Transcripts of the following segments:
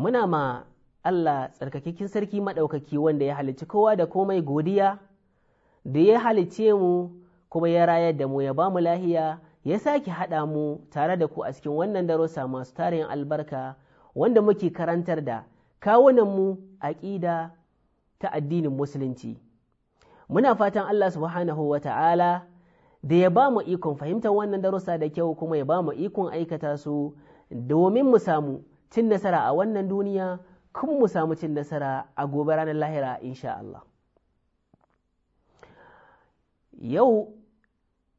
muna ma Allah tsarkakekin sarki maɗaukaki wanda ya halicci kowa da komai godiya da ya halicce mu kuma ya rayar da mu ya ba mu lahiya ya sake haɗa mu tare da ku a cikin wannan darussa masu tarihin albarka wanda muke karantar da kawunanmu aƙida ta addinin musulunci muna fatan Allah subhanahu wa ta'ala da ya ba mu ikon fahimtar wannan darussa da kyau kuma ya ba mu ikon aikata su domin mu samu cin nasara a wannan duniya kun mu samu cin nasara a gobe ranar lahira insha Allah yau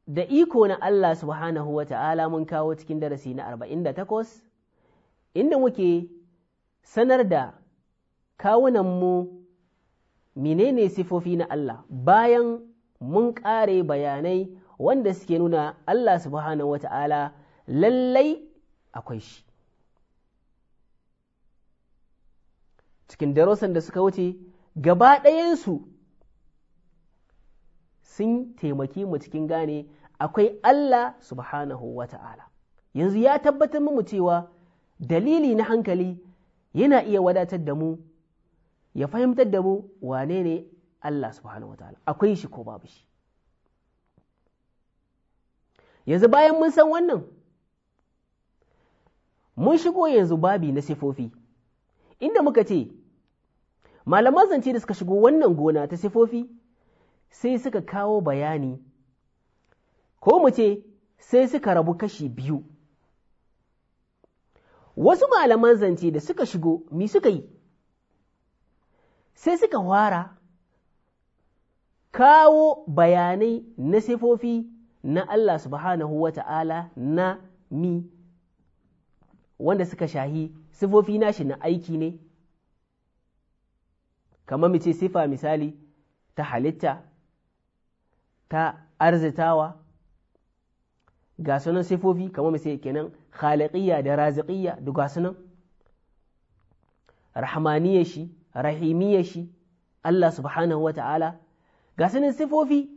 da iko na Allah subhanahu wa ta'ala mun kawo cikin darasi na 48 inda muke sanar da kawunanmu menene sifofi na Allah bayan mun ƙare bayanai wanda suke nuna Allah subhanahu wa ta'ala lallai akwai shi cikin darussan da suka wuce gaba ɗayansu sun taimaki mu cikin gane akwai Allah subhanahu wa ta'ala yanzu ya tabbatar mu cewa dalili na hankali yana iya wadatar da mu ya fahimtar da mu wane ne Allah subhanahu wa ta'ala akwai shi ko babu shi yanzu bayan mun san wannan mun shigo yanzu babi na sifofi inda muka ce malaman zance da suka shigo wannan gona ta sifofi sai suka kawo bayani ko mu ce sai suka rabu kashi biyu wasu malaman zance da suka shigo mi suka yi sai suka wara kawo bayanai na sifofi na Allah subhanahu wa ta'ala na mi wanda suka shahi sifofi nashi na aiki ne kamar ce sifa misali ta halitta ta arzitawa ga sunan sifofi kamar ce kenan khaliqiyya da raziqiyya da ga sunan rahmaniyya shi rahimiyya shi Allah subhanahu wata'ala ga sunan sifofi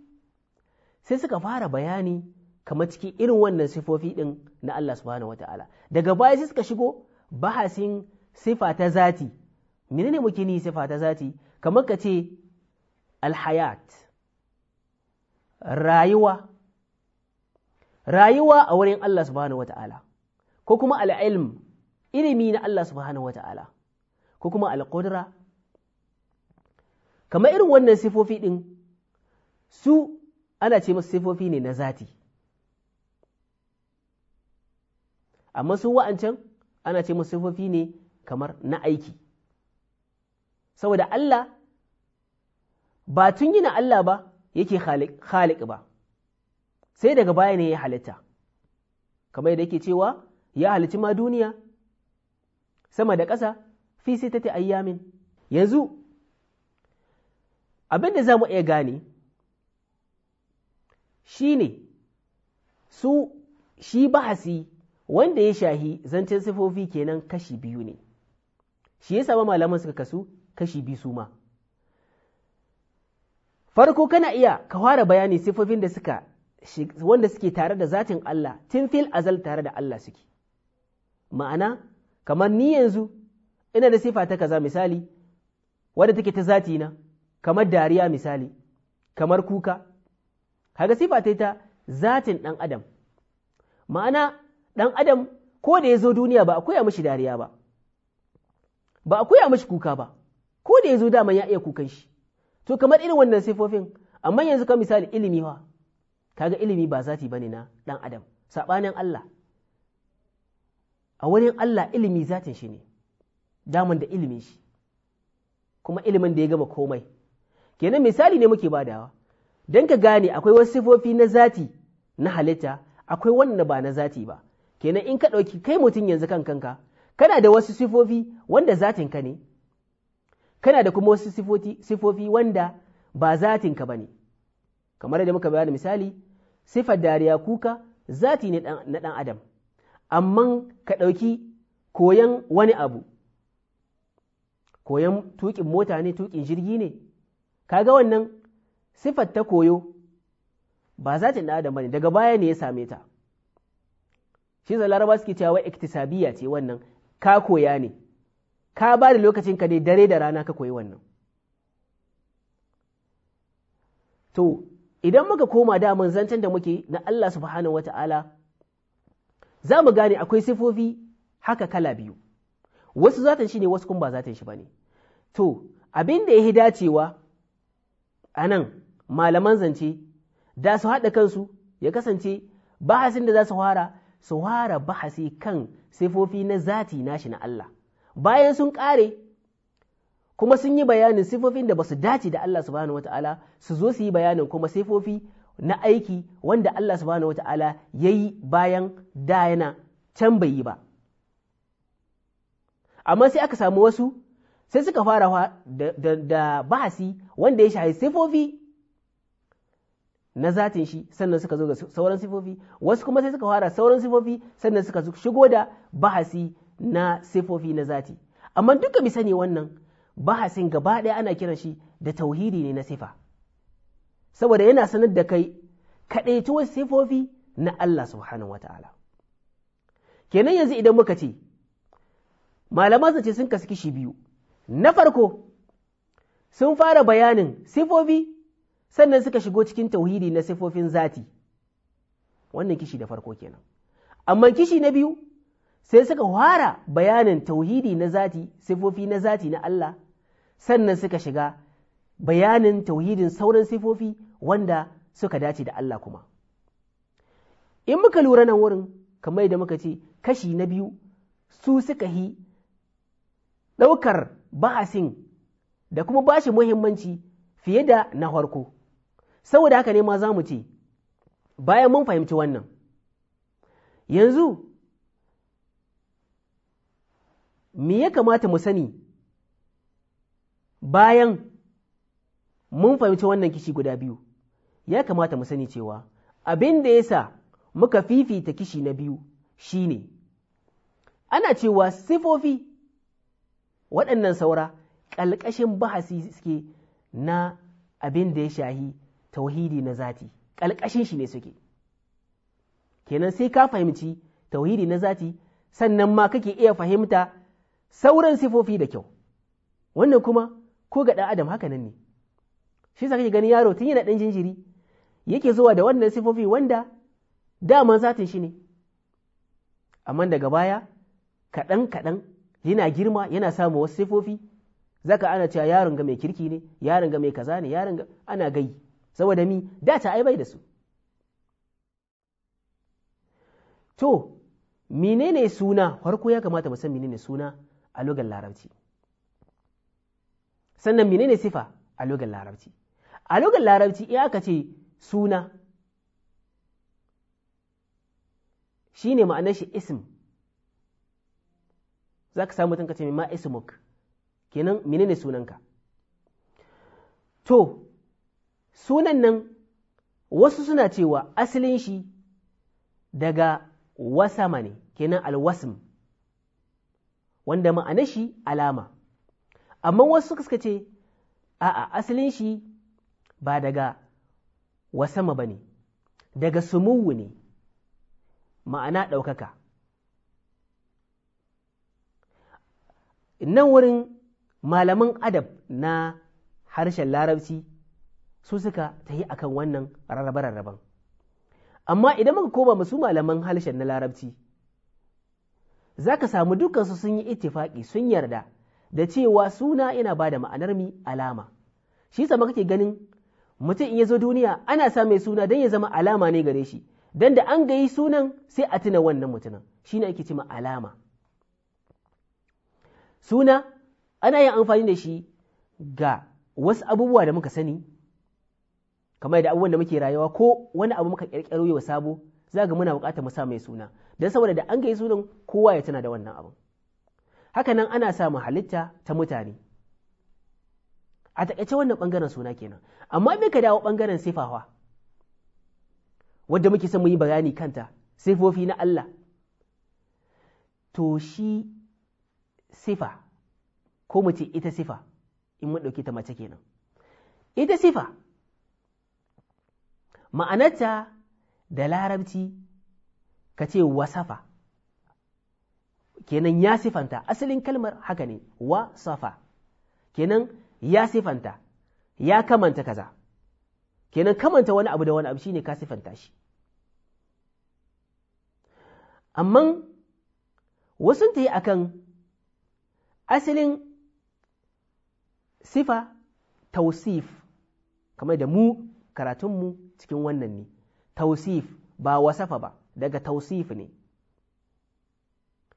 sai suka fara bayani kamar cikin irin wannan sifofi din na Allah subhanahu wata'ala daga baya sai suka shigo bahasin sifa ta zati menene muke ni sifa ta zati kamar ka ce alhayat rayuwa rayuwa a wurin Allah subhanahu wata'ala ko kuma al'ilm ilimi na Allah subhanahu wata'ala ko kuma alƙudura kamar irin wannan sifofi ɗin su ana ce masu sifofi ne na zati amma su wa'ancan ana ce masu sifofi ne kamar na aiki saboda Allah ba tun yana Allah ba yake khaliq ba sai daga baya ne ya halitta kamar yadda yake cewa ya halici ma duniya sama da ƙasa fi sai ta ayyamin yanzu abin da za mu iya gane shi ne su shi bahasi wanda ya shahi zancen sifofi kenan kashi biyu ne shi ya saba malaman suka kasu kashi biyu su ma farko kana iya ka fara bayani sifofin da suka wanda suke tare da zatin Allah tun fil azal tare da Allah suke ma'ana kamar ni yanzu ina da sifa ta kaza misali wadda take ta zati na kamar dariya misali kamar kuka kaga sifa ta ta zatin ɗan adam ma'ana ɗan adam ko da ya zo duniya ba a koya mashi dariya ba ba a koya mashi kuka ba ko da ya zo dama ya iya kukan shi to kamar irin wannan sifofin amma yanzu kan misali ilimi wa kaga ilimi ba zati bane na dan adam sabanin Allah a wurin Allah ilimi zatin shi ne daman da ilimin shi kuma ilimin da ya gama komai kenan misali ne muke badawa Dan ka gane akwai wasu sifofi na zati na halitta akwai wanda ba na zati ba kenan in ka ɗauki kai mutum yanzu kan kanka kana da wasu sifofi wanda zatin ka ne kana da kuma wasu sifofi wanda ba zatinka ba ne kamar da muka bayani misali sifar dariya kuka zati ne na ɗan adam amma ka ɗauki koyan wani abu Koyon tuƙin mota ne tuƙin jirgi ne kaga wannan sifar ta koyo ba zatin ɗan adam ba daga baya ne ya same ta shi laraba suke cewa iktisabiya ce wannan ka koya ne ka ba da lokacin ka ne dare da rana ka koyi wannan to idan muka koma da zancen da muke na Allah subhanahu wata'ala za mu gane akwai sifofi haka kala biyu wasu zatan shi ne wasu kuma ba zatan shi ba ne to abin da ya dacewa a nan malaman zance da su haɗa kansu ya kasance bahasin da za su fara su fara bahasi kan sifofi na zati nashi na Allah bayan sun ƙare kuma sun yi bayanin sifofin da ba su dace da Allah subhanahu ta’ala su zo su yi bayanin kuma sifofi na aiki wanda Allah subhanahu ta’ala ya yi bayan da yana can bai yi ba amma sai aka samu wasu sai suka fara da bahasi wanda ya shahi sifofi na zatin shi sannan suka zo ga sauran sifofi wasu kuma sai suka fara sauran sifofi sannan suka shigo da bahasi na sifofi na zati amma duka mi sani wannan bahasin gaba ɗaya ana kiran shi da tauhidi ne na sifa saboda yana sanar da kai kaɗaituwar sifofi na Allah subhanahu wa kenan yanzu idan muka ce malaman zance sun kasu kishi biyu na farko sun fara bayanin sifofi sannan suka shigo cikin tauhidi na sifofin zati wannan kishi da farko kenan amma kishi na biyu sai suka fara bayanin tauhidi na zati sifofi na zati na Allah sannan suka shiga bayanin tauhidin sauran sifofi wanda suka dace da Allah kuma in muka lura nan wurin kamar da muka ce kashi na biyu su suka hi ɗaukar ba'asin da kuma ba shi muhimmanci fiye da na farko saboda haka ne ma za mu ce bayan mun fahimci wannan yanzu me ya kamata mu sani bayan mun fahimci wannan kishi guda biyu ya kamata mu sani cewa abin da ya sa muka fifita kishi na biyu shine ana cewa sifofi waɗannan saura ƙalƙashin bahasi suke na abin da ya shahi tauhidi na zati ƙalƙashin shi ne suke kenan sai ka fahimci tauhidi na zati sannan ma kake iya fahimta sauran sifofi da kyau wannan kuma ko ga ɗan adam hakanan nan ne shi sa kake gani yaro tun yana ɗan jinjiri yake zuwa da wannan sifofi wanda daman zatin shi ne amma daga baya kaɗan kaɗan yana girma yana samun wasu sifofi zaka ana cewa yaron ga mai kirki ne yaron ga mai kaza ne yaron ga ana gai saboda mi data ai bai da su to menene suna farko ya kamata mu san menene suna a lugar larabci sannan menene sifa a lugar larabci a lugar larabci in aka ce suna shi ne ma'anar shi ism za ka samu mutum ka ce ma ismuk kenan menene sunanka to sunan nan wasu suna cewa asalin shi daga wasama ne kenan alwasm wanda ma'ana shi alama amma wasu suka ce a'a asalin shi ba daga wasama ba ne daga sumuwu ne ma'ana ɗaukaka nan wurin malaman adab na harshen larabci su suka ta yi akan wannan rarrabe-rarraben amma idan muka koma musu malaman harshen na larabci za ka samu dukansu sun yi ittifaƙi sun yarda da cewa suna yana ba da ma'anar mi alama shi sama kake ganin mutum in ya zo duniya ana sa mai suna don ya zama alama ne gare shi don da an gayi sunan sai a tuna wannan mutumin shi ne ake cima alama suna ana yin amfani da shi ga wasu abubuwa da muka sani kamar da abubuwan da muke rayuwa ko wani abu muka ƙirƙiro yau sabo za ga muna buƙatar mu sa mai suna don saboda da an gayi sunan kowa ya tana da wannan abin haka nan ana samun halitta ta mutane a taƙaice wannan ɓangaren suna kenan amma me ka dawo ɓangaren sifawa wadda muke son mu yi bayani kanta sifofi na Allah to shi sifa ko mu ce ita sifa in mu ɗauki ta mace kenan ita sifa ma'anarta da larabci ka ce wasafa kenan ya sifanta asalin kalmar haka ne wasafa kenan ya sifanta ya kamanta kaza kenan kamanta wani abu da wani abu shine ka sifanta shi amma wasu ta yi a kan asalin sifa tausif kamar da mu karatunmu cikin wannan ne tausif ba wasafa ba daga tausif ne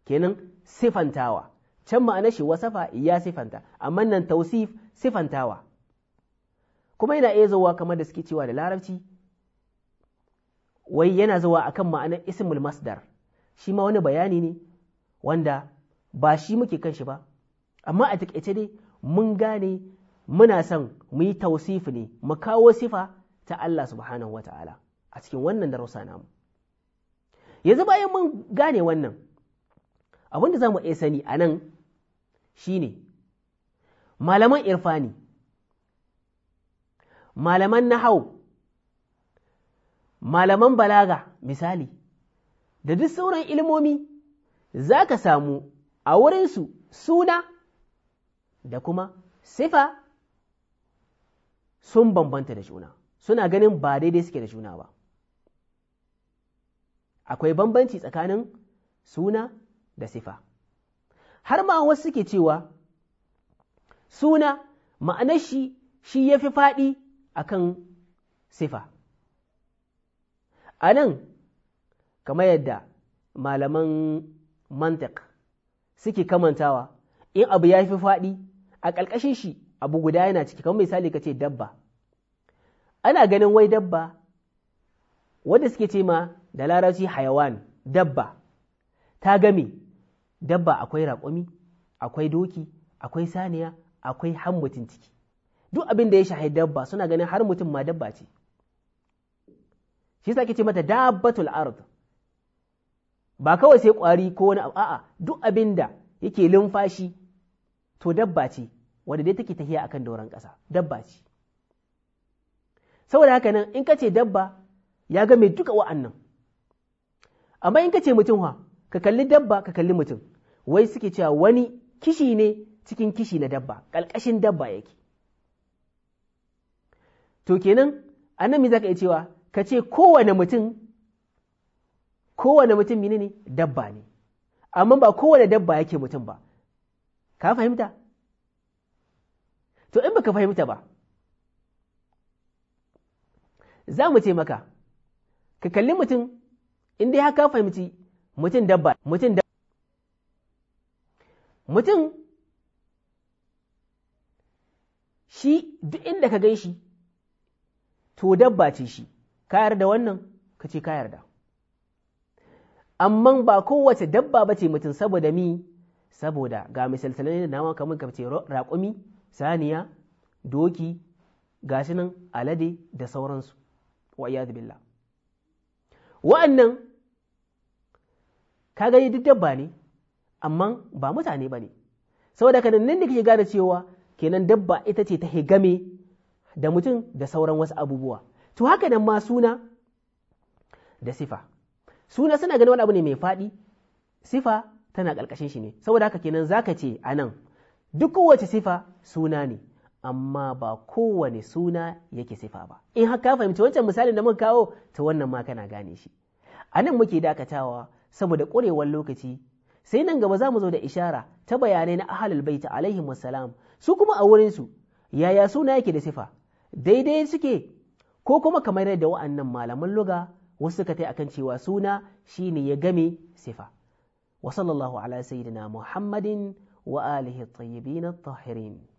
kenan sifantawa can ma'ana shi wasafa ya sifanta amma nan tausif sifantawa kuma yana iya zuwa kamar da suke cewa da larabci wai yana zuwa akan ma'anar ismul masdar shi ma wani bayani ne wanda ba shi muke kan shi ba amma a takaice dai mun gane muna son mu yi tausif ne mu kawo sifa ta Allah subhanahu wa ta'ala a cikin wannan darussa namu yanzu bayan mun gane wannan abin da za mu sani a nan shine malaman irfani malaman nahau malaman balaga misali da duk sauran ilmomi za ka samu a wurinsu suna da kuma sifa sun bambanta da juna suna ganin ba daidai suke da juna ba akwai bambanci tsakanin suna da sifa har ma wasu suke cewa suna ma'anar shi shi ya fi faɗi akan sifa a nan kamar yadda malaman mantak suke kamantawa in abu ya fi faɗi a ƙalƙashin shi abu guda yana ciki kamar misali ka ce dabba ana ganin wai dabba wanda suke ce ma da larasi hayawan dabba ta game dabba akwai raƙumi akwai doki akwai saniya akwai har mutum ciki duk abin da ya shahi dabba suna ganin har mutum ma dabba ce shi yasa ce mata dabbatul ard ba kawai sai kwari ko wani abu a'a duk abin da yake lumfashi to dabba ce wanda dai take tahiya akan dauran ƙasa dabba ce saboda haka nan in ka ce dabba ya ga mai duka wa'annan amma in ka ce mutum ha ka kalli dabba ka kalli mutum wai suke cewa wani kishi ne cikin kishi na dabba ƙalƙashin dabba yake to kenan annabi zaka iya cewa ka ce kowane mutum kowane mutum mine ne dabba ne amma ba kowane dabba yake mutum ba ka fahimta to in baka fahimta ba za mu ce maka ka kalli mutum in dai haka fahimci mutum dabba mutum dabba mutum shi duk inda ka gan shi to dabba ce shi ka yarda wannan ka ce ka yarda amma ba kowace dabba ba ce mutum saboda mi saboda ga misalsalai da nama kamar ka ce raƙumi saniya doki gashinan alade da sauransu wa billah wa'annan ka gani duk dabba ne amma ba mutane ba ne saboda kanan nan da kake gane cewa kenan dabba ita ce ta higame da mutum da sauran wasu abubuwa to haka nan ma suna da sifa suna suna gani wani abu ne mai faɗi sifa tana ƙarƙashin shi ne saboda haka kenan za ka ce a nan duk kowace sifa suna ne amma ba kowane suna yake sifa ba in haka fahimci wancan misalin da muka kawo ta wannan ma kana gane shi a nan muke dakatawa saboda ƙurewar lokaci sai nan gaba za mu zo da ishara ta bayanai na ahalul baita alaihi wasalam su kuma a wurinsu yaya suna yake da sifa daidai suke ko kuma kamar yadda wa'annan malaman luga wasu suka tai akan cewa suna shine ya game sifa wa sallallahu ala sayyidina muhammadin wa alihi at-tayyibin at-tahirin